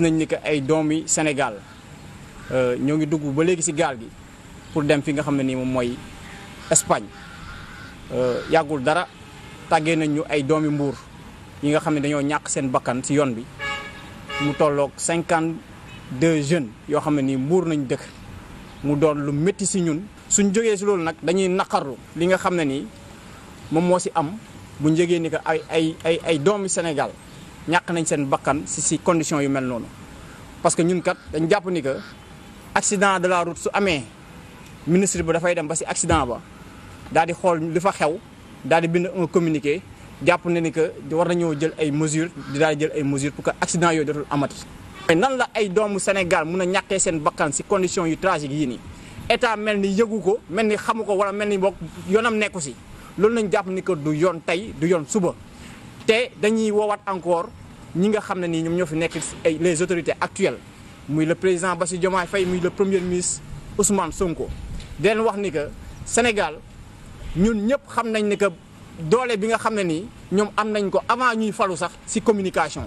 nañ ni que ay doomi Sénégal euh, ñoo ngi dugg ba léegi si gaal gi pour dem fi nga xam ne nii moom mooy Espagne euh, yàggul dara tàggee nañ ñu ay doomi mbuur yi nga xam ne dañoo ñàkk seen bakkan si yoon bi mu tolloog cinquante deux jeunes yoo xam ne nii mbuur nañ dëkk mu doon lu métti si ñun. suñ jógee si loolu nag dañuy naqarlu li nga xam ne nii moom moo si am bu njëgee ni que ay ay ay ay doomi Sénégal. ñàkk nañ seen bakkan si si conditions yu mel noonu parce que ñun kat dañ jàpp ni que accident de la route su amee ministre bi dafay dem ba si accident ba daal di xool li fa xew daal di bind communiqué jàpp na ni que war nañoo jël ay mesures di daal jël ay mesures pour accident yooyu dootul amati. nan la ay doomu Sénégal mun a ñàkkee seen bakkan si conditions yu tragiques yii nii état mel ni yëgu ko mel ni xamu ko wala mel ni boog yoonam nekku si loolu nañ jàpp ni que du yoon tey du yoon suba te dañuy woowaat encore. ñi nga xam ne nii ñoom ñoo fi nekk ay les autorités actuelles muy le président ba Bassirou Diomaye Faye muy le premier ministre Ousmane Sonko. di wax ni que Sénégal ñun ñëpp xam nañ ne que doole bi nga xam ne nii ñoom am nañ ko avant ñuy falu sax si communication.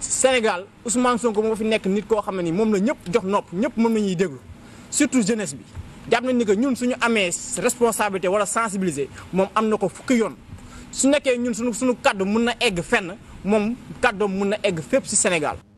Sénégal Ousmane Sonko moo fi nekk nit koo xam ne nii moom la ñëpp jox nopp ñëpp mën nañuy ñuy déglu surtout jeunesse bi. jàpp nañ ni que ñun suñu amee responsabilité wala sensibiliser moom am na ko fukki yoon su nekkee ñun suñu suñu kàddu mun na egg fenn. moom kàddoom mun na egg fépp ci Sénégal